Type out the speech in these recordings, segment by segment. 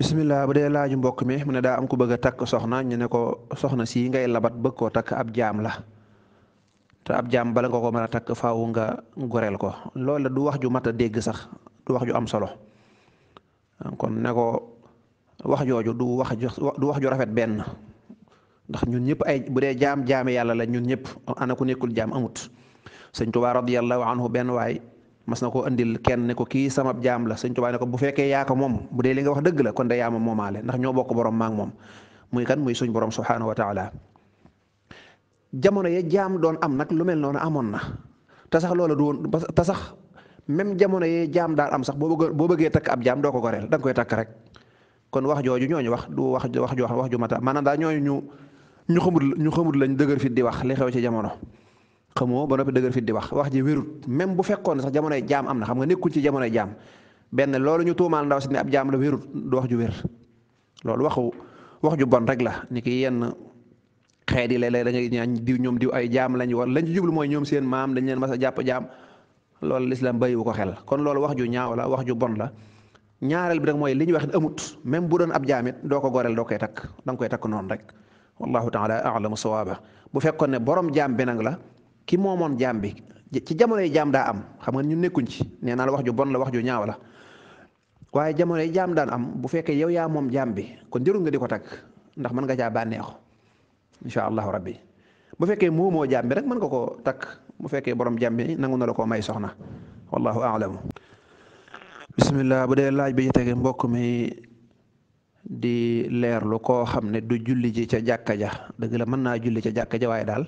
bisimilah bu dee laaju mbokk mi mu ne daa am ku bëgg a takk soxna ñu ne ko soxna si ngay labat bëgg koo takk ab jaam la te ab jaam bala nga ko mën a takk faaw nga goreel ko loolu du wax ju mat a dégg sax du wax ju am solo kon ne ko wax jooju du wax ju rafet benn ndax ñun ñëpp ay bu dee jaam jaame yàlla la ñun ñëpp ana ku nekkul jaam amut sëñ Tuubaa radiyallahu anhu benn waay mas na ko andil kenn ne ko kii sama jaam la sëñ Tuubaa ko bu fekkee yaa moom bu dee li nga wax dëgg la kon de yaa moomaale ndax ñoo bokk borom maak moom muy kan muy suñ borom subhaanahu wa taala jamono ya doon am nag lu mel noonu amoon na te sax loola du woon te sax même jamono yee jaam daan am sax boo bëggee boo bëggee takk ab jaam doo ko goreel da koy takk rek kon wax jooju ñooñu wax du wax wax ju wax ju mata maanaam daal ñooñu ñu ñu xamul ñu xamul lañ dëgër fit di wax li xew ci jamono. xamoo ba noppi dëgër fit di wax wax ji wérut même bu fekkoon ne sax jamonoy jaam am na xam nga nekkul ci jamonoy jaam benn loolu ñu tuumaal ndaw si ab jaam la wérut du wax ju wér loolu waxu wax ju bon rek la ni ki yenn xeet yi léeg-léeg ñaan diw ñoom diw ay jaam lañu war lañ ci mooy ñoom seen maam dañ leen mas a jàpp jaam loolu lislaam bàyyiwu ko xel kon loolu wax ju ñaaw la wax ju bon la ñaareel bi nag mooy li ñu wax ne amut même bu doon ab jaamit doo ko goreel doo koy takk da nga koy takk noonu rek wallahu taala alamu sawaaba bu fekkoon ne borom jaam bi nag la kii moomoon jaam bi ci jamonoy jaam daa am xam nga ñu nekkuñ ci nee naa la wax ju bon la wax ju ñaaw la waaye jamonoy jaam daan am bu fekkee yow yaa moom jaam bi ko jërul nga di ko takk ndax mën nga caa bànneexu incha allahu rabbi bu fekkee moomoo jaam bi rek mën nga koo takk bu fekkee borom jaam nangu na la koo may soxna wallahu a'lam bismillah bu dee laaj bi ci mbokk mi di leerlu koo xam ne du julli ji ca jàkka ja dëgg la mën naa julli ca jàkka ja waaye daal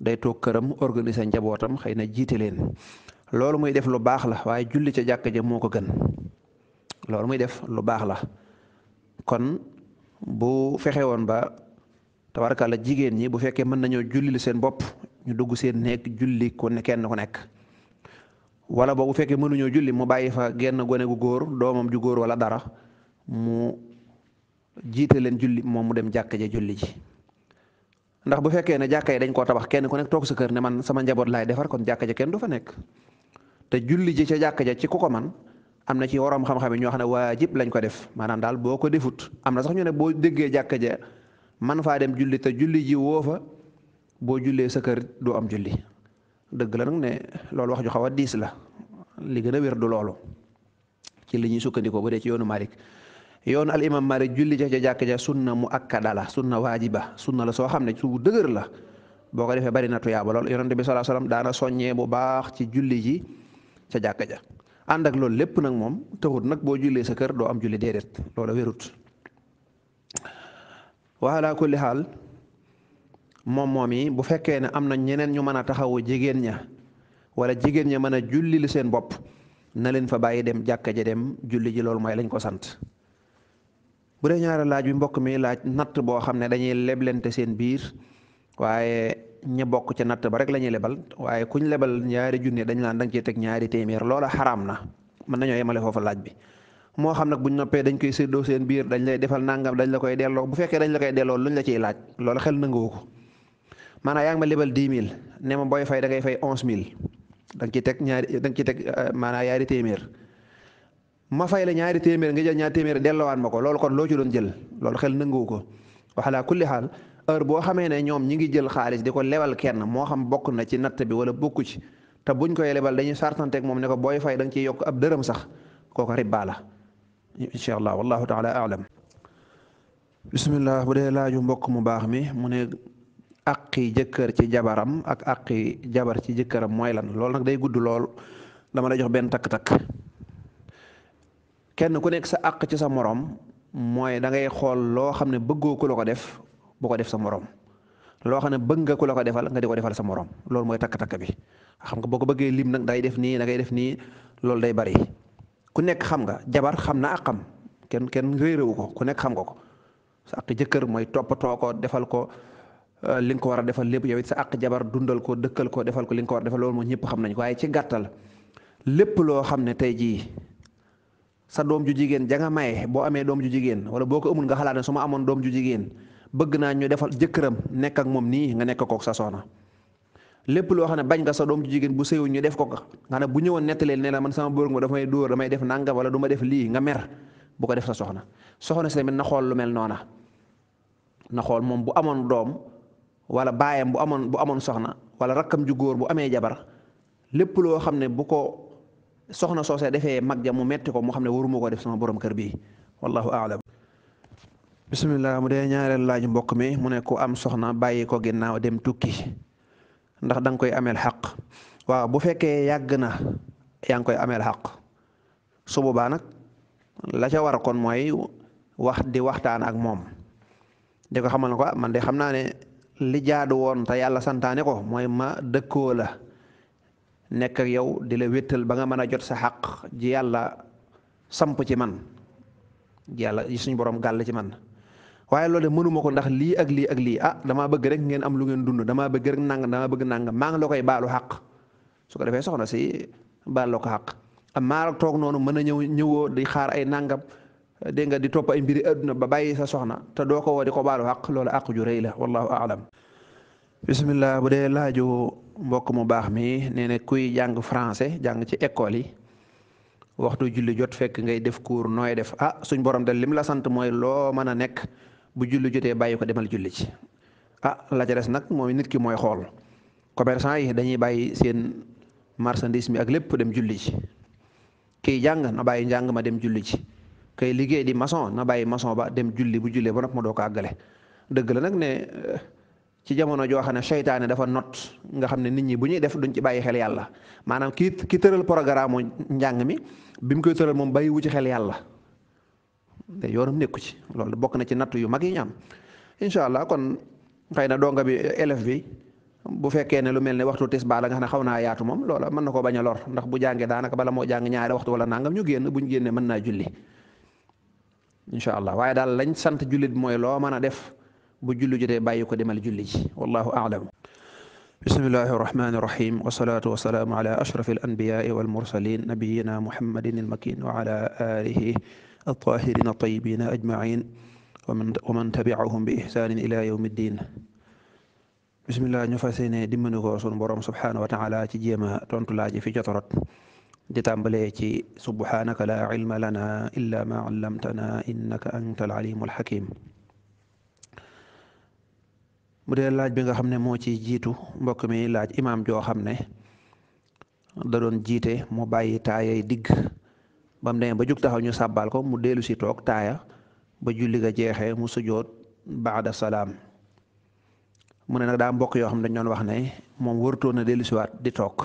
day toog këram organise njabootam xëy na jiite leen loolu muy def lu baax la waaye julli ca jàkka ja moo ko gën loolu muy def lu baax la kon bu fexe woon ba tabarkàlla jigéen ñi bu fekkee mën nañoo jullil seen bopp ñu dugg seen néeg julli ku kenn ku nekk walla boo bu fekkee mënuñoo julli mu bàyyi fa genn gone gu góor doomam ju góor wala dara mu jiite leen julli moom mu dem jàkka ja julli ji ndax bu fekkee ne jàkka yi dañ koo tabax kenn ku nekk toog sa kër ne man sama njaboot laay defar kon jàkka ja kenn du fa nekk te julli ji ca jàkka ja ci ku ko man am na ci waroom xam-xam yi ñoo xam ne waajib lañ ko def maanaam daal boo ko defut am na sax ñu ne boo déggee jàkka ja man faa dem julli te julli ji woofa boo jullee sa kër doo am julli dëgg la nag ne loolu wax ju xaw a diis la li gën a wér du loolu ci li ñuy sukkandikoo bu dee ci yoonu Malik yoon al imam Maalik julli ca ca jàkk ja sunna mu akkada la sunna waajiba sunna la soo xam ne su dëgër la boo ko defee bari na tuyaaba lool yonent bi sallallahu alayhi daana soññee bu baax ci julli ji ca jàkk ànd ak loolu lépp nag moom taxut nag boo jullee sa kër doo am julli déedéet loola wérut wa ala kulli xaal moom moom yi bu fekkee ne am na ñeneen ñu mën a taxawu jigéen ña wala jigéen ña mën a julli seen bopp na leen fa bàyyi dem jàkka ja dem julli ji loolu mooy lañ ko sant bu dee ñaari laaj bi mbokk mi laaj natt boo xam ne dañuy leblente seen biir waaye ña bokk ca natt ba rek la lebal waaye kuñ lebal ñaari junne dañ naan da nga teg ñaari téeméer loola xaraam na mën nañoo yemale foofa laaj bi moo xam nag buñ noppee dañ koy séddoo seen biir dañ lay defal nangam dañ la koy delloo bu fekkee dañ la koy delloo luñ la ciy laaj loola xel nanguwu ko maanaam yaa ma lebal dix mille ne ma booy fay da ngay fay onze mille danga nga ciy teg ñaari da nga teg euh, maanaam ñaari téeméer ma fay la ñaari téeméer nga jël ñaari téeméer dellowaan ma ko loolu kon loo ci doon jël loolu xel nanguwu ko waxalaa kulli xaal heure boo xamee ne ñoom ñi ngi jël xaalis di ko lebal kenn moo xam bokk na ci natt bi wala bokk ci te buñ koy lebal dañuy sartanteeg moom ne ko booy fay da nga yokk ab dërëm sax kooku riba la incha allah wallahu taala alam bismillah bu dee laaju mbokk mu baax mi mu ne aqi jëkkër ci jabaram ak aqi jabar ci jëkkëram mooy lan lool nag day gudd lool dama lay jox benn takk-takk kenn ku nekk sa àq ci sa moroom mooy da ngay xool loo xam ne bëggoo ku la ko def boo ko def sa moroom loo xam ne bëgg nga ku la ko defal nga di ko defal sa moroom loolu mooy takk-takk bi xam nga boo ko bëggee lim nag day def nii da def nii loolu day bari ku nekk xam nga jabar xam na àqam kenn kenn réeréwu ko ku nekk xam nga ko sa jëkkër mooy toppatoo ko defal ko euh, li nga ko war a defal lépp yow it sa àq jabar dundal ko dëkkal ko defal ko li ko war a defal loolu moom ñëpp xam nañ ko waaye ci gàttal lépp loo xam ne tey jii sa doom ju jigéen ja nga maye boo amee doom ju jigéen wala boo ko amul nga xalaat ne su ma amoon doom ju jigéen bëgg naa ñu defal jëkkëram nekk ak moom nii nga nekk kook sa soxna lépp loo xam ne bañ nga sa doom jigéen bu sëyu ñu def ko nga ne bu ñëwoon nettalee ne man sama bóor may dóor damay def nangam wala du ma lii nga mer bu ko def sa soxna soxna si tamit na xool lu mel noona xool moom bu amoon doom wala baayam bu amoon bu amoon soxna wala rakkam ju góor bu amee jabar lépp loo xam ne bu ko soxna soosee defee mag ja mu metti ko mu xam ne waruma ko def sama borom kër bii wallahu aalam bisimilah mu dee ñaareel laaj mbokk mi mu ne ku am soxna bàyyi ko ginnaaw dem tukki ndax danga koy ameel xaq waaw bu fekkee yàgg na yaa ngi koy ameel xaq su boobaa nag la ca war kon mooy wax di waxtaan ak moom di ko xamal ne ko ah, man de xam naa ne li jaadu woon te yàlla santaane ko mooy ma dëkkoo la nekk yow di la wéttal ba nga mën a jot sa xaq ji yàlla samp ci man ji yàlla ji suñu boroom gàll ci man waaye loole mënuma ko ndax lii ak lii ak lii ah damaa bëgg rek ngeen am lu ngeen dund damaa bëgg rek nang damaa bëgg nang maa ngi la koy baalu xaq su ko defee soxna si baal la ko xaq am maa toog noonu mën a ñëw ñëwoo di xaar ay nangam dégg nga di topp ay mbiri adduna ba bàyyi sa soxna te doo ko woo di ko baalu xaq loolu àq ju rëy la wallahu aalam bismillah bu dee laaju mbokk mu baax mi nee na kuy jàng français jàng ci école yi waxtu julli jot fekk ngay def cours nooy def ah suñ borom de lim la sant mooy loo mën a nekk bu julli jotee bàyyi ko demal julli ci ah la ca des nag mooy nit ki mooy xool commerçant yi dañuy bàyyi seen marchandise mi ak lépp dem julli ci kiy jàng na bàyyi njàng ma dem julli ci kay liggéey di mason na bàyyi mason ba dem julli bu jullee ba noppi ma doo ko àggale dëgg la nag ne. ci jamono joo xam ne seytaane dafa not nga xam ne nit ñi bu ñuy def duñ ci bàyyi xel yàlla maanaam ki ki tëral programme njàng mi bi mu koy tëral moom bàyyiwu ci xel yàlla te yoonam nekku ci loolu bokk na ci natt yu mag yi ñu am incha allah kon xëy na donga bi élève bi bu fekkee ne lu mel ne waxtu tisbaar la nga xam ne xaw naa yaatu moom loola mën na ko bañ a lor ndax bu jàngee daanaka bala moo jàng ñaari waxtu wala nangam ñu génn buñ génnee mën naa julli incha allah sant jullit mooy loo mën a def bu julli jotee bàyyi ko demal julli ji wallahu aalam bismillahi arrahmani irrahim wasalaatu wasalaamu ala ashrafi al anbiyaai walmursalin nabiyina muhammadin almakin wa ala alihi altahirin altayibina ajmain wa man tabiahum bi ihsanin ila yawmi ddin bismillah ñu fas yéene dimbali ko sunu borom subhanahu wa taala ci jéema tontu laaji fi jotorot di tàmbalee ci subhanaka la ilma lana illa ma allamtana innaka anta al alimu alhakim mu dee laaj bi nga xam ne moo ci jiitu mbokk mi laaj imaam joo xam ne da doon jiite mu bàyyi taayay digg ba mu ba jug taxaw ñu sàbbaal ko mu dellu si toog taaya ba julli ga jeexee mu sujoot baada salaam mu ne nag daa mbokk yoo xam ne dañ wax ne moom warutoon na dellu di toog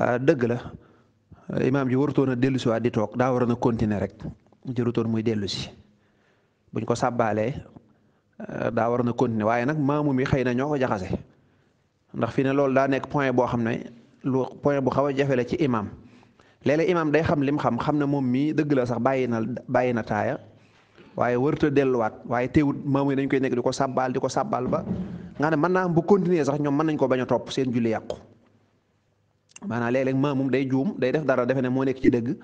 ah, dëgg la imaam ji warutoon na dellu siwaat di toog daa waroon a continuer rek jërutoon muy dellu buñ ko sàbbaalee daa war na continuer waaye nag maamum yi xëy na ñoo ko jaxase ndax fii ne loolu daa nekk point boo xam ne lu point bu xaw a jafe la ci imaam léeg-léeg day xam lim xam xam ne moom mii dëgg la sax bàyyi na bàyyi na taaya waaye warut delluwaat waaye teewut maamum yi dañ koy nekk di ko sàbbaal di ko sàbbaal ba nga ne mën naa am bu continuer sax ñoom mën nañ ko bañ a topp seen julli yàqu maanaam léeg-léeg maamum day juum day def dara defe ne moo nekk ci dëgg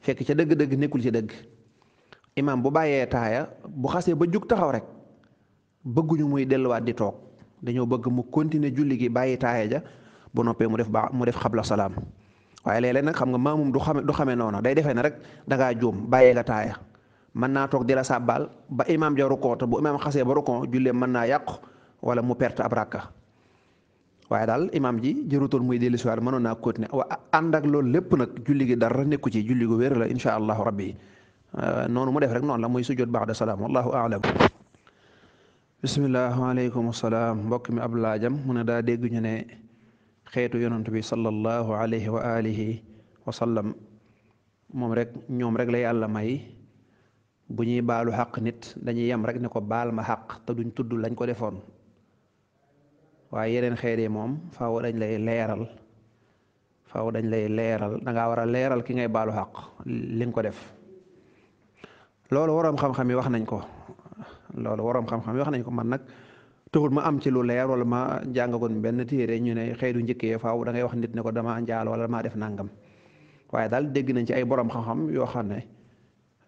fekk ca dëgg-dëgg nekkul ci dëgg imaam bu bàyyee taaya bu xasee ba jug taxaw rek bëgguñu muy delluwaat di toog dañoo bëgg mu continuer julli gi bàyyi taaya ja bu noppee mu def ba mu def xabla salaam waaye léeg-léeg nag xam nga maamum du xame du xamee noona day defee ne rek dangaa ngaa juum bàyyee nga taaya mën naa toog di la sàbbaal ba imaam ja rukkoo te bu imaam xasee ba rukkoo jullee mën naa yàqu wala mu perte ab rakka waaye daal imaam ji jërutoon muy dellusiwaat mënoon naa continuer wa ànd ak loolu lépp nag julli gi dara nekku ci julli gu wér la incha allahu rabbi euh, noonu mu def rek noonu la muy sujjóot ba'da salaam wallahu a'lam bisimilah waaleykum salaam mbokk mi ab laajam mu daal daa ñu ne xeetu yonent bi sallallahu alayhi wa alihi wa sallam moom rek ñoom rek la yàlla may bu ñuy baalu xaq nit dañuy yem rek ne ko baal ma xaq te duñ tudd lañ ko defoon waaye yeneen xeet yi moom faaw dañ lay leeral faaw dañ lay leeral da ngaa war a leeral ki ngay baalu xaq li ko def loolo waram xam-xam yi wax nañ ko. loolu waroom xam-xam nañ ko man nag taxul ma am ci lu leer wala ma jàngagoon benn téere ñu ne xëy du njëkkee faaw da wax nit ne ko dama njaal wala maa def nangam waaye daal dégg nañ ci ay borom xam yoo xam ne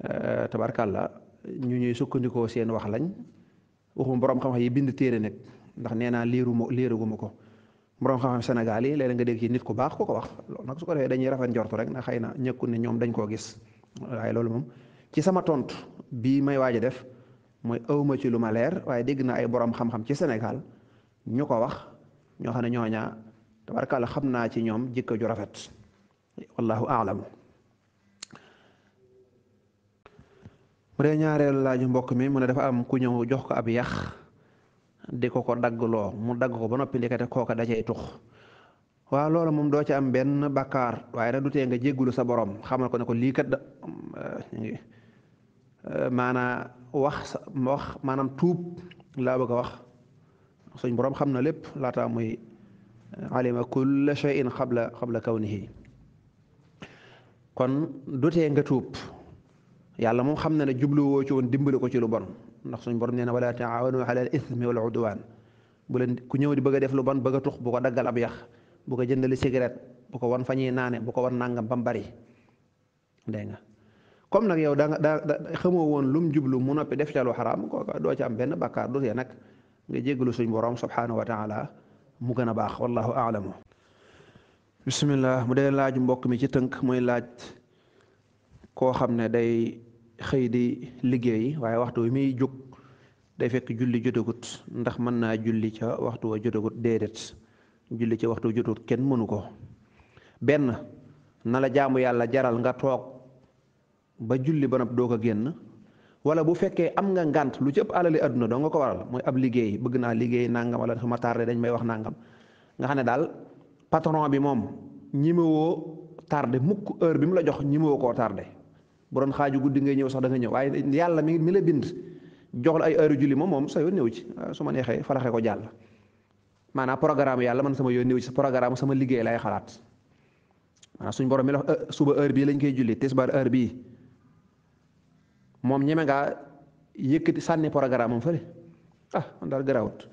euh, tabarkàlla ñu ñuy sukkandikoo seen wax lañ waxuma borom xam yi bind téere nag ndax nee liiru ma liiruguma ko borom xam-xam yi léeg nga dégg nit ku baax ko ko wax loolu nag su defee dañuy rafet njortu rek na xëy na ñëkkul ne ñoom dañ koo gis waaye loolu moom ci sama tont bii may waaj def mooy awma ci lu ma leer waaye dégg na ay boroom xam-xam ci senegal ñu ko wax ñoo xam ne ñooña tabarkàlla xam naa ci ñoom jikko ju rafet wallahu aalamu mu dee ñaareelu laaju mbokk mi mu ne dafa am ku ñëw jox ko ab yax di ko ko daggloo mu dagg ko ba noppi ndikate kooka dajay tux waaw loolu moom doo ci am benn bakkaar waaye nag du tee nga jéggulu sa borom xamal ko ne ko lii da mm, euh, Euh, maanaa wax wax maanaam tuub laa bëgg a wax suñ boroom xam na lépp laataa muy euh, alima kulla shay'in xabla kaw kawnihi kon dutee nga tuub yàlla moom xam na ne jubluwoo ci woon dimbali ci lu bon ndax suñ borom nee na wala taawanu ala al ithmi wal udwan bu leen ku ñëw di bëgg def lu bon bëgga tux bu ko daggal ab yax bu ko jëndali cigarette bu ko wan fa ñuy naane bu ko wan nangam ba mu bari dégg nga comme nag yow da nga xamoo woon lu mu jublu mu noppi def ca lu xaraam kooka doo ci am benn bàkkaar du tee nag nga jéggalu suñ borom subhanahu wa taala mu gën a baax wallahu aalamu bismillah mu dee laaju mbokk mi ci tënk muy laaj koo xam ne day xëy di liggéey waaye waxtu wi muy jóg day fekk julli jotagut ndax mën naa julli ca waxtu wa jotagut déedéet julli ca waxtu jotagut kenn mënu ko benn na la jaamu yàlla jaral nga toog ba julli ba noppi doo ko génn wala bu fekkee am nga ngànt lu ci ëpp alali adduna doo nga ko waral mooy ab liggéey bëgg naa liggéey nangam wala sama tardé dañ may wax nangam nga xam ne daal patron bi moom ñimewoo tardé mukk heure bi mu la jox ñimewoo koo tardé bu doon xaaju guddi ngay ñëw sax da nga ñëw waaye yàlla mi mi la bind jox la ay heure julli moom moom sa yoon ñëw ci su ma neexee faraxe ko jàll maanaam programme yàlla man sama yoon ñëw ci programme sama liggéey lay xalaat maanaam suñ borom mi la euh, suba heure bii lañ koy julli tisbaar heure bii moom ñeme ngaa yëkkati sànni programme am fële ah man daal garaawut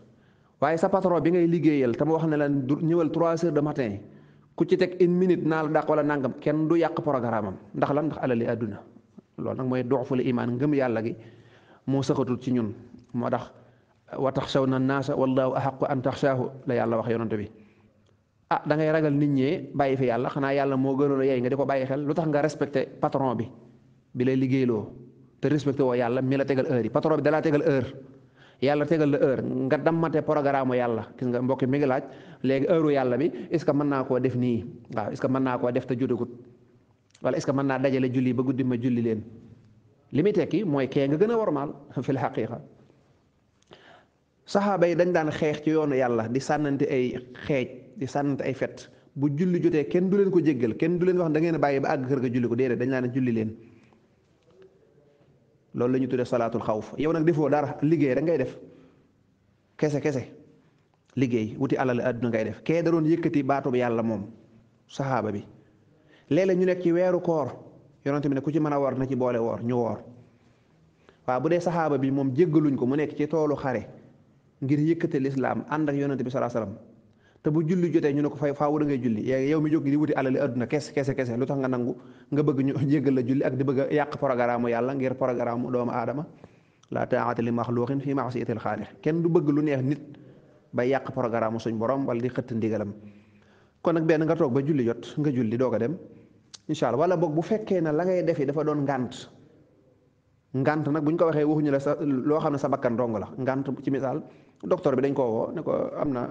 waaye sa patron bi ngay liggéeyal te mu wax ne la ñëwal trois heures de matin ku ci teg une minute naa la dàq wala nangam kenn du yàq programme am ndax lan ndax alali àdduna loolu nag mooy doxful imaan ngëm yàlla gi moo saxatul ci ñun moo tax wa taxsaw na naasa wallaahu axaqu an taxsaahu la yàlla wax yonante bi ah dangay ragal nit ñee bàyyi fi yàlla xanaa yàlla moo gënoon a yey nga di bàyyi xel lu tax nga respecté patron bi bi lay liggéeyloo te respecté oo yàlla mi la tegal heure yi patron bi dalaa tegal heure yàlla tegal la heure nga dammate programme yàlla gis nga mbokk mi ngi laaj léegi heure yàlla bi est ce que mën naa koo def nii waaw est ce que mën naa koo def te judagut wala est ce que mën naa dajale julli ba guddi ma julli leen li muy tekki mooy kee nga gën a warmaal fi la xaqiqa saxaaba yi dañ daan xeex ci yoonu yàlla di sànnante ay xeej di sànnante ay fet bu julli jotee kenn du leen ko jéggal kenn du leen wax da ngeen a bàyyi ba àgg ko déedéet dañ laan julli leen loolu la ñu tuddee salaatul xawf yow nag defoo dara liggéey rek ngay def kese kese liggéey wuti alal adduna ngay def kee da doon yëkkati baatub yàlla moom saxaaba bi léeg-léeg ñu nekk ci weeru koor yonent bi ne ku ci mën a woor na ci boole woor ñu wor waaw bu dee saxaaba bi moom jéggaluñ ko mu nekk ci toolu xare ngir yëkkati lislaam ànd ak yonent bi salaa salaam te bu julli jotee ñu ne ko fay faawu da ngay julli yow mi jóg di wuti alali adduna kes kese kese lu tax nga nangu nga bëgg ñu jéggal la julli ak di bëgg a yàq programme yàlla ngir programme doomu aadama la taa'ata li maxluuqin fi ma'siyatil xaaliq kenn du bëgg lu neex nit ba yàq programme suñ borom wala di xëtt ndigalam kon nag benn nga toog ba julli jot nga julli doog a dem incha allah wala boog bu fekkee ne la ngay defi dafa doon ngant ngànt nag bu ko waxee waxuñu la sa loo xam ne sa bakkan dong la ngànt ci misaal docteur bi dañ koo woo ne am na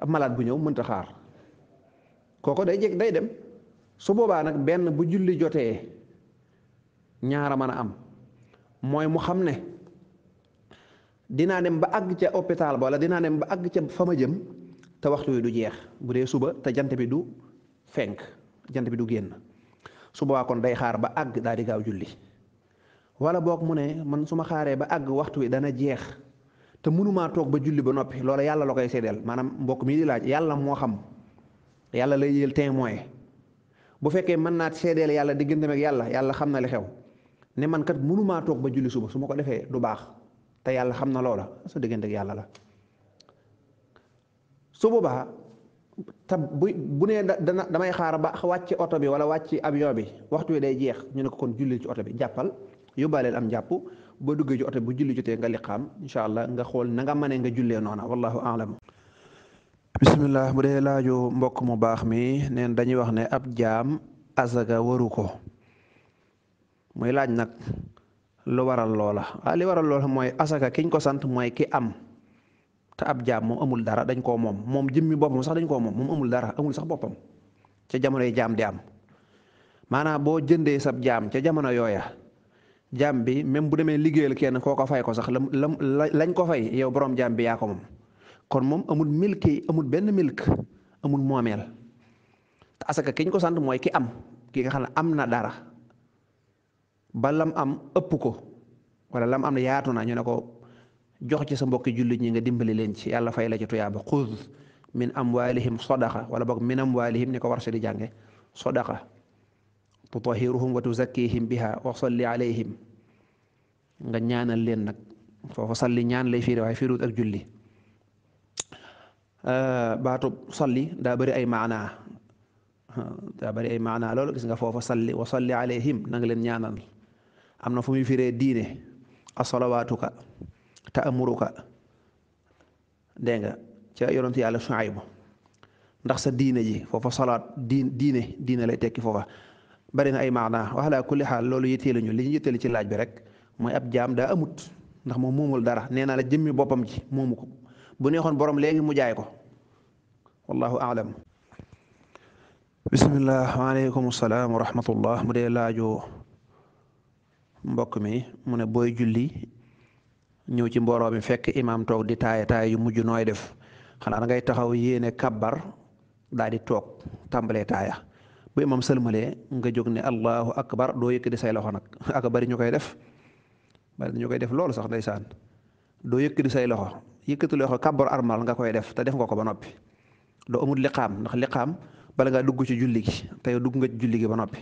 ab malade bu ñëw mënta xaar kooko day jekk day dem su boobaa nag benn bu julli jotee ñaara mën a am mooy mu xam ne dinaa dem ba àgg ca hôpital ba wala dinaa dem ba àgg ca fa ma jëm te waxtu wi du jeex bu dee suba te jant bi du fenk jant bi du génn su boobaa kon day xaar ba àgg daal di gaaw julli wala boog mu ne man su ma xaaree ba àgg waxtu wi dana jeex te mënumaa toog ba julli ba noppi loola yàlla la koy seedeel maanaam mbokk mii di laaj yàlla moo xam yàlla lay jël témoin bu fekkee mën naa seedeel yàlla digganteem ak yàlla yàlla xam na li xew ne man kat ba julli suba su ma ko defee du baax te yàlla xam na loola su diggante ak yàlla la su boobaa te bu bu nee dana damay xaar ba wàcc oto bi wala wàcc avion bi waxtu wi day jeex ñu ne ko kon julli ci oto bi jàppal yóbbaaleel am jàpp boo duggee ci bu julli jotee nga liqaam incha allah nga xool na nga mënee nga jullee noona wallahu alam bisimilah bu dee laaju mbokk mu baax mi neen dañuy wax ne ab jaam azaga waru ko muy laaj nag lu waral loola ah waral loola mooy asaka kiñ ko sant mooy ki am te ab jaam moom amul dara dañ koo moom moom mi boppam sax dañ koo moom moom amul dara amul sax boppam ca jamonoy jaam di am maanaam boo jëndee sab jaam ca jamono yooya jàmm bi même bu demee liggéeyal kenn koo ko fay ko sax lam lam lañ ko fay yow borom jàmm bi yaa ko moom kon moom amul milk yi amul benn milk amul moomeel te asaka ki ko sant mooy ki am ki nga xam ne am na dara ba lam am ëpp ko wala lam am na yaatu na ñu ne ko jox ci sa mbokki jullit ñi nga dimbali leen ci yàlla fay la ci tuyaaba xuz min amwalihim sadaqa wala boog min amwalihim ni ko war si di jànge sadaqa tutahiruhum wa tuzakkihim biha wa salli alayhim nga ñaanal leen nag foofa salli ñaan lay fiire waaye fiirut ak julli baatub salli daa bëri ay maanaa daa maanaa loolu gis nga foofa salli wa salli alayhim nanga leen ñaanal am na fu muy firee ta asalawaatuka taamuruka dégg nga ca yonent yàlla Shuayb ndax sa diine ji foofa salaat diine diine lay tekki foofa bari na ay maanaa wax laa kulli xaal loolu yitteelu ñu li ñu yitteelu ci laaj bi rek mooy ab jaam daa amut ndax moo moomul dara nee naa la jëmmi boppam ji moomu ko bu neexoon borom léegi mu jaay ko wallahu aalam bisimilah waaleykum salaam wa rahmatullah mu dee laaju mbokk mi mu ne booy julli ñëw ci mbooloo mi fekk imaam toog di taaya taaya yu mujj nooy def xanaa da ngay taxaw yéene kabar daal di toog tàmbalee taaya bu imam sëlmalee nga jóg ne allahu akbar doo yëkkati say loxo nag ak bari ñu koy def bari ñu koy def loolu sax ndeysaan doo yëkk yëkkati say loxo yëkkati loxo kàbbar armal nga koy def te def nga ko ba noppi doo amul liqaam ndax liqaam bala ngaa dugg ci julli gi te dugg nga ci julli gi ba noppi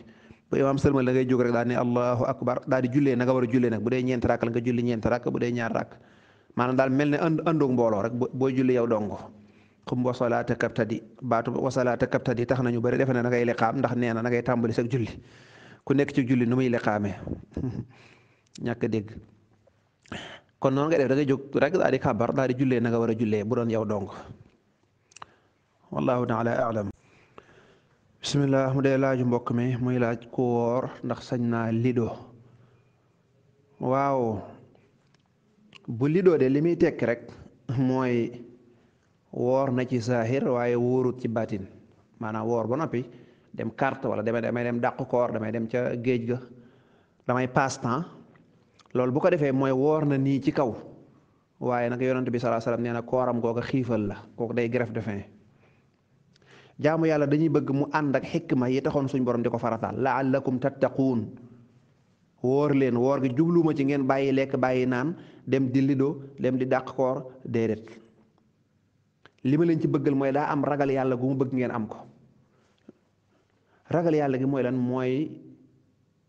bu imaam sëlmal da ngay jóg rek daal ne allahu akbar daal di jullee na nga war a jullee nag bu dee ñeent rakk la nga julli ñeent rakk bu dee ñaar rakk maanaam daal mel ne ànd àndoog mbooloo rek booy julli yow dongo xum a kaptadi baatu wasalaata kaptadi tax nañu bari defe na da ngay liqaam ndax nee na da ngay tàmbali sag julli ku nekk ci julli nu muy liqaamee ñàkk dégg kon noonu ngay def da rek daal di kàbbar daal di jullee war a jullee bu doon yow dong wallahu taala alam bisimilah mu dee laaju mbokk mi muy laaj ku woor ndax sañ na lido waaw bu lido de li muy tekki rek mooy woor na ci saaxir waaye wóorut ci baatin maanaam woor ba noppi dem kart wala damay damay dem dàq koor damay dem ca géej ga damay passe temps loolu bu ko defee mooy woor na nii ci kaw waaye nag yonent bi salaa salaam nee na kooram googa xiifal la kooku day greffe de faim jaamu yàlla dañuy bëgg mu ànd ak ma yi taxoon suñ borom di ko farataal laallakum tattaquun wóor leen woor gi jubluma ci ngeen bàyyi lekk bàyyi naan dem di lido dem di dàq koor déedéet li ma leen ci bëggal mooy daa am ragal yàlla gu mu bëgg ngeen am ko ragal yàlla gi mooy lan mooy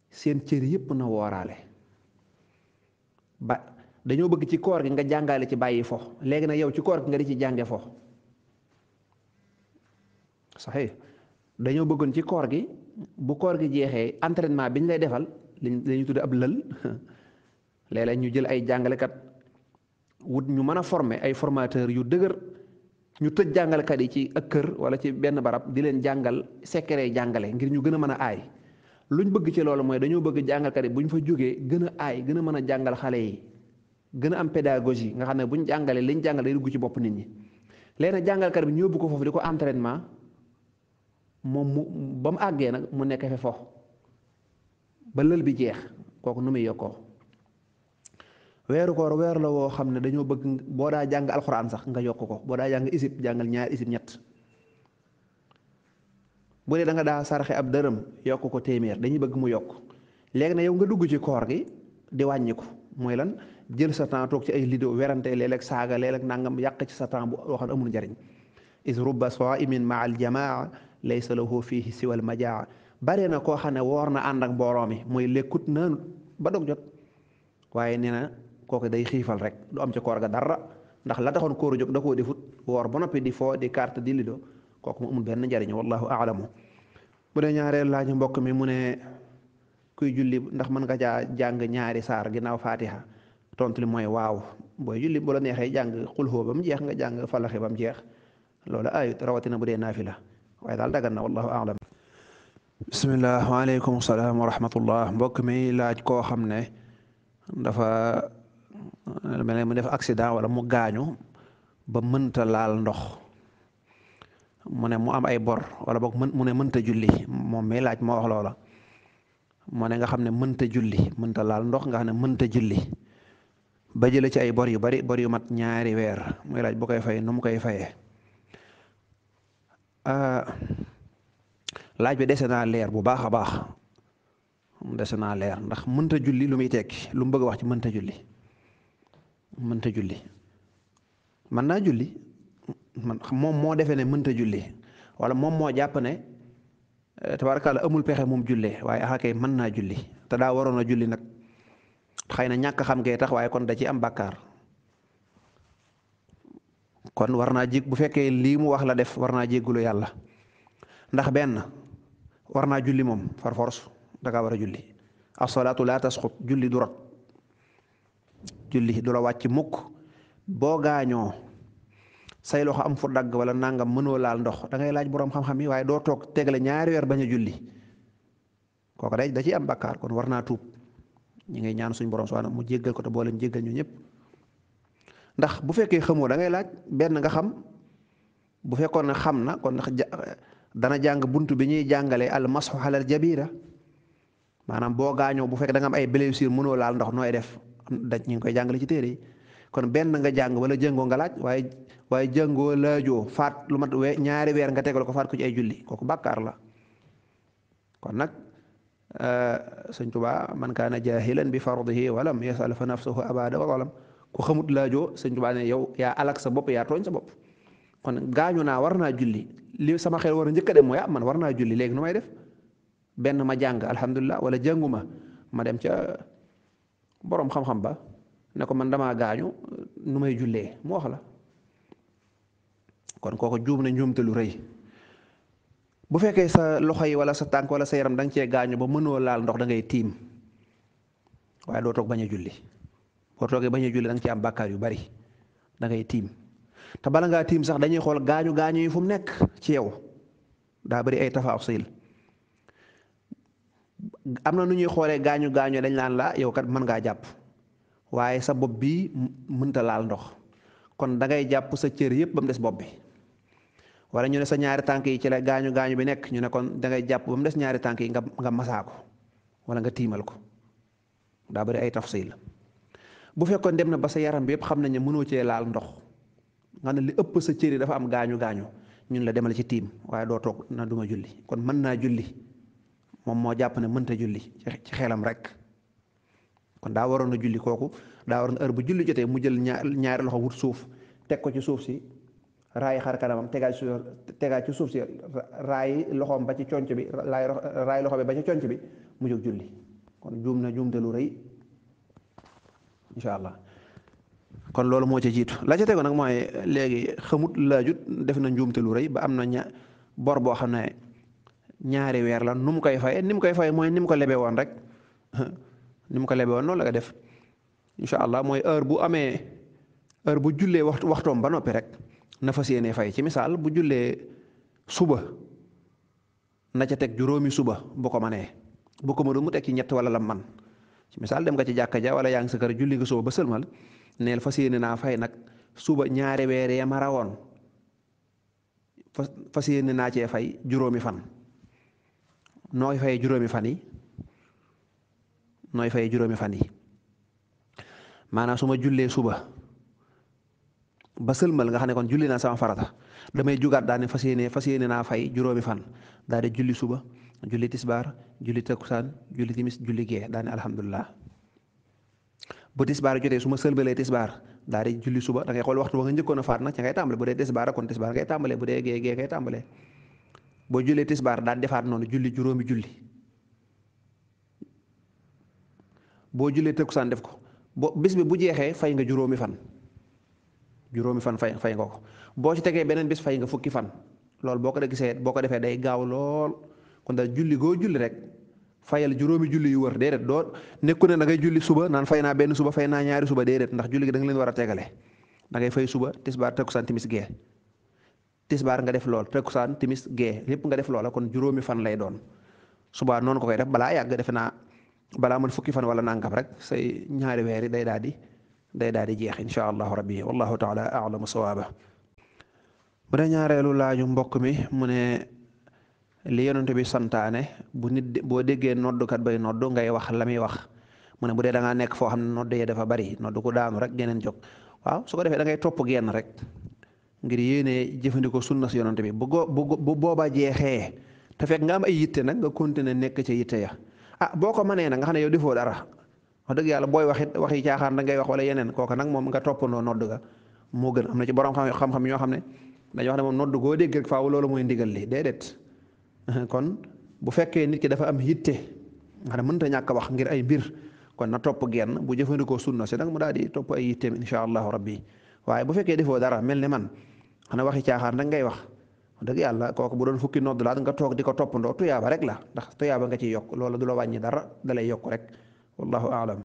seen cër yépp na wooraale ba dañoo bëgg ci koor gi nga jàngale ci bàyyi fo léegi nag yow ci koor gi nga di ci jànge fo saxee dañoo bëggoon ci koor gi bu koor gi jeexee entraînement bi ñu lay defal lañu tudde ab lël léeg ñu jël ay jàngalekat wut ñu mën a forme ay formateur yu dëgër ñu tëj jàngalekat yi ci ak kër wala ci benn barab di leen jàngal secret jàngale ngir ñu gën a mën a aay luñ bëgg ci loolu mooy dañoo bëgg jàngalkat yi bu ñu fa jógee gën a aay gën a mën a jàngal xale yi gën a am pédagogie nga xam ne bu ñu jàngalee liñ jàngale day dugg ci bopp nit ñi léegi jàngalkat bi ñu yóbbu ko foofu di ko entraînement moom mu ba àggee nag mu nekk fe fo ba lël bi jeex kooku nu muy yokkoo weeru koor weer la woo xam ne dañoo bëgg boo daa jàng alxuraan sax nga yokk ko boo daa jàng isib jàngal ñaar isib ñett bu dee da nga daa saraxe ab dërëm yokk ko téeméer dañuy bëgg mu yokk léegi na yow nga dugg ci koor gi di wàññi ko mooy lan jël sa temps toog ci ay lido werante léeg-léeg saaga léeg nangam yàq ci sa temps bu loo xam ne amul njariñ is rubba saimin maa al jamaa laysa lahu fihi siwal majaa bare na koo xam ne woor na ànd ak mbooloo mi mooy lekkut naanut ba dog kooku day xiifal rek du am ca koor ga dara ndax la taxoon kóoru jóg da koo defut woor ba noppi di foo di carte di lido kooku mu amul benn njariñ wallahu aalamu bu ñaareel laaj mbokk mi mu ne kuy julli ndax mën nga caa jàng ñaari saar ginnaaw fatiha tontu li mooy waaw booy julli bu la neexee jàng xulxoo ba mu jeex nga jàng falaxe ba mu jeex loola ayut rawatina bu dee naafila waaye daal dagan na wallahu aalam bismillah waaleykum salaam wa rahmatullah mbokk mi laaj koo xam ne dafa mel mu def accident wala mu gaañu ba mënta laal ndox mu ne mu am ay bor wala boog mën mu ne mënta julli moom mi laaj moo wax loola mu ne nga xam ne mënta julli mënta laal ndox nga xam ne mënta julli ba jële ci ay bor yu bari bor yu mat ñaari weer muy laaj boo koy fay nu mu koy fayee ah, laaj bi dese naa leer bu baax a baax dese naa leer ndax mënta julli lu muy tekki lu mu bëgg a wax ci mënta julli mënta julli mën naa julli man moom moo defee ne mënta julli wala moom moo jàpp ne eh, tabaarakaala amul pexe moom jullee waaye axa kay mën naa julli te daa waroon a julli nag xëy na ñàkk xam kee tax waaye kon da ci am bàkkaar kon war naa jég bu fekkee lii mu wax la def war naa jéggulu yàlla ndax benn war naa julli moom far force da war a julli asolaatu laa tasxut julli du rot julli du la wàcc mukk boo gaañoo say loxo am fu dagg wala nangam mënoo laal ndox dangay laaj boroom xam-xam yi waaye doo toog tegale ñaar weer bañ a julli kooku day da ciy am bakkaar kon war naa tuub ñu ngay ñaan suñu borom subhaanahu mu jéggal ko te boolem jéggal ñu ñëpp ndax bu fekkee xamoo da ngay laaj benn nga xam bu fekkoon ne xam na kon ndax dana jàng bunt bi ñuy jàngalee al masxu alal jabira maanaam boo gaañoo bu fekkee da am ay blessure mënoo laal ndox nooy def. daj ñu ngi koy jàngale ci téere kon benn nga jàng wala jëngoo nga laaj waaye waaye jëngoo laajoo faat lu mat we ñaari weer nga tegal ko faat ci ay julli kooku bakkaar la kon nag euh, sëñ Tuubaa man kaana jaahilan bi fardihi walam yasal fa nafsuhu abada wa zalam ku yow yaa alak sa bopp yaa tooñ sa bopp kon gaañu naa war naa julli li sama xel war a njëkk dem mooy ah, man war naa julli léegi nu may def benn ma jàng alhamdulilah wala jànguma ma dem ca boroom xam-xam ba ne ko man damaa gaañu nu may jullee mu wax la kon kooko juum na njuumte lu rëy bu fekkee sa loxo yi wala sa tànk wala sa yaram da cee gaañu ba mënoo laal ndox da ngay tiim waaye doo toog bañ julli boo toogee bañ a julli da nga ci am bàkkaar yu bari dangay tiim te bala ngaa tiim sax dañuy xool gaañu gaañu yi fu mu nekk ci yow daa bari ay tafaasil am na nu ñuy xoolee gaañu gaañu dañ naan la yow kat mën ngaa jàpp waaye sa bopp bi mënta laal ndox kon da ngay jàpp sa cër yëpp ba mu des bopp bi wala ñu ne sa ñaari tànk yi ci la gaañu gaañu bi nekk ñu ne kon da ngay jàpp ba mu des ñaari tànk yi nga nga masaa ko wala nga tiimal ko daa bari ay la bu fekkoon dem na ba sa yaram bi yëpp xam nañ ne mënoo cee laal ndox nga ne li ëpp sa cër yi dafa am gaañu gaañu ñun la demal ci tiim waay doo kon mën naa julli. moom moo jàpp ne mënta julli ci xelam rek kon daa waroon a julli kooku daa waroon heure bu julli jotee mu jël ñaari loxo wut suuf teg ko ci suuf si raay xar kanamam tegaat ci ci suuf si raay loxoom ba ci conc bi raay loxo bi ba ci bi mu jóg julli kon juum na juumte lu rëy incha allah kon loolu moo ci jiitu la ca tegu nag mooy léegi xamut laajut def na njuumte lu rëy ba am na ña bor boo xam ne ñaari weer la nu mu koy fayee ni mu koy fay mooy ni mu ko lebee woon rek ni mu ko lebee woon noonu la ko def incha allah mooy heure bu amee heure bu jullee waxtu waxtoom ba noppi rek na fas yéenee fay ci misaal bu jullee suba na ca teg juróomi suba bu ko manee bu ko mënu mu teg ci ñett wala la man ci misaal dem nga ci jàkka ja wala yaa ngi sa kër julli nga suba ba sëlmal neel fa yéene naa fay nag suba ñaari weer yee ma woon fas yéene naa cee fay juróomi fan. nooy fay juróomi fan yi nooy fay juróomi fan yi maanaa su ma jullee suba ba sëlmal nga xam ne kon julli naa sama farata damay jugaat daal ne fas yéene fas yéene naa fay juróomi fan daal di julli suba julli tisbaar julli takkusaan julli timis julli gee daal ne alhamdulilah bu tisbaar jotee su ma sëlmalee tisbaar daal di julli suba da xool waxtu ba nga njëkkoon a faat nag ca ngay tàmbale bu dee tisbaar kon tisbaar ngay tàmbale bu dee gee gee ngay tàmbale boo jullee tisbaar daan defaat noonu julli juróomi julli boo jullee tëkkusaan def ko boo bis bi bu jeexee fay nga juróomi fan juróomi fan fay fay nga ko boo ci tegee beneen bis fay nga fukki fan loolu boo ko gisee boo ko defee day gaaw lool kon daal julli goo julli rek fayal juróomi julli yu wër déedéet doo nekku ne da ngay julli suba naan fay naa benn suba fay naa ñaari suba déedéet ndax julli gi da nga leen war a tegale da fay suba tisbaar tëkkusaan timis gee tisbaar nga def lool takkusaan timis gee lépp nga def loola kon juróomi fan lay doon subaa noonu ko koy rek bala yàgg defe naa balaa man fukki fan wala nangam rek say ñaari weer yi day daal di day daal di jeex incha allahu rabbi wallahu taala alamu sawaaba bu dee ñaareelu laaju mbokk mi mu ne li yonent santaane bu nit boo déggee noddukat bay noddu ngay wax la muy wax mu ne bu dee da nekk foo xam ne nodd yee dafa bari noddu ku daanu rek geneen jóg waaw su ko defee da topp genn rek ngir yéene jëfandikoo sunna si yonante bi bu bu booba jeexee te fekk nga am ay yitte nag nga continuer nekk ca yitte ya ah boo ko mënee nag nga xam ne yow defoo dara wax dëgg yàlla booy waxit waxi caaxaan da ngay wax wala yeneen kooka nag moom nga toppandoo nodd ga moo gën am na ci borom xam-xam ñoo xam ne dañu wax ne moom nodd goo dégg faaw loolu mooy ndigal li kon bu fekkee nit ki dafa am yitte nga xam ne mënta ñàkk wax ngir ay mbir kon na topp genn bu jëfandikoo sunna si nag mu daal di topp ay yitteem incha allahu rabbi waaye bu fekkee defoo dara mel ne man xanaa waxi caaxaan nag ngay wax dëgg yàlla kooku bu doon fukki nodd laat nga toog di ko toppandoo tuyaaba rek la ndax tuyaaba nga ciy yokk loolu du la wàññi dara dalay yokk rek wallahu aalam